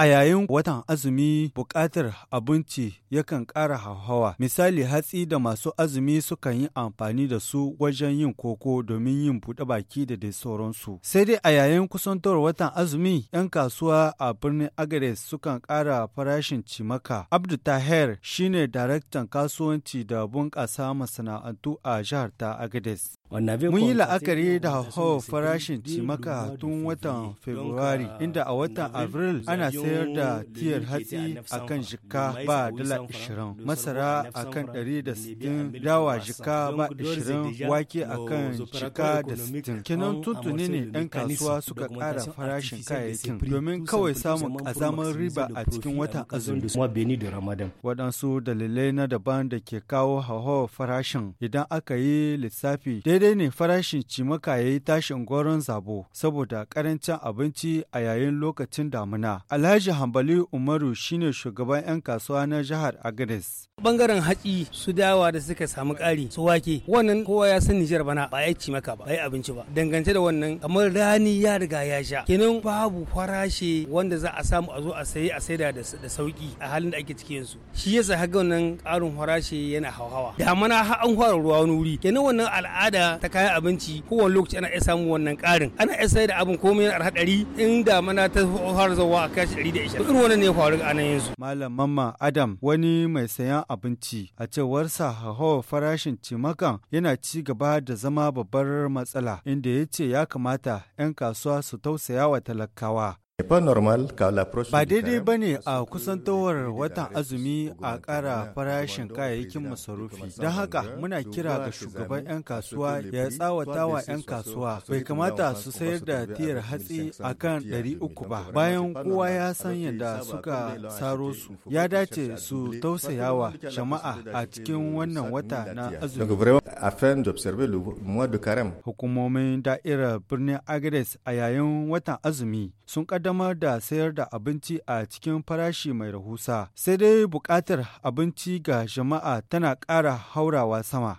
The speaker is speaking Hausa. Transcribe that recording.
A yayin watan azumi buƙatar abinci yakan ƙara hauhawa. Misali hatsi da masu azumi sukan yi amfani da su wajen yin koko domin yin buɗe baki da dai sauransu. Sai dai a yayin kusantar watan azumi 'yan kasuwa a birnin Agares sukan ƙara farashin cimaka. Abdu Taher shine daraktan kasuwanci da bunƙasa masana'antu a jihar ta agades Mun yi la'akari da hauhawar farashin cimaka tun watan februari. inda a watan Abril ana sayar da tiyar hatsi a kan jika ba dala 20, masara a kan 160, dawa jika ba 20, wake a kan jika da 60. Kinan tuntuni ne 'yan kasuwa suka ƙara farashin kayayyakin domin kawai samun azamar riba a cikin watan azumi. Waɗansu dalilai na daban da ke kawo hauhawar farashin idan aka yi lissafi daidai ne farashin cimaka ya yi tashin goron zabo saboda karancin abinci a yayin lokacin damuna. Alhaji Hambali Umaru shine shugaban 'yan kasuwa na jihar Agnes. Bangaren hatsi su dawa da suka samu ƙari su wake wannan kowa ya san Nijar bana ba ya cimaka ba ya abinci ba dangance da wannan kamar rani ya riga ya sha kenan babu farashi wanda za a samu a zo a sayi a saida da sauki a halin da ake ciki yanzu shi yasa haka wannan ƙarin farashi yana hauhawa damana har an fara ruwa wani wuri kenan wannan al'ada ta kayan abinci kowane lokaci ana iya samun wannan karin ana iya sayar da abin komai yana arha ɗari in ta fara zuwa a kashi ɗari da irin wannan ne ya faru a nan yanzu. malam mamma adam wani mai sayan abinci a cewar sa hauhawar farashin cimakan yana ci gaba da zama babbar matsala inda ya ce ya kamata 'yan kasuwa su tausaya wa talakawa Ba daidai ba ne a kusantowar watan azumi a ƙara farashin kayayyakin masarufi. Don haka muna kira ga shugaban 'yan kasuwa ya tsawata wa 'yan kasuwa bai kamata su sayar da tiyar hatsi a kan 300 ba bayan kowa ya san yadda suka saro su. Ya dace su tausayawa jama'a a cikin wannan wata na azumi. Hukumomin da'irar birnin Agres a yayin watan azumi sun ƙaddamar ƙaddamar da sayar da abinci a cikin farashi mai rahusa, sai dai buƙatar abinci ga jama'a tana ƙara haurawa sama.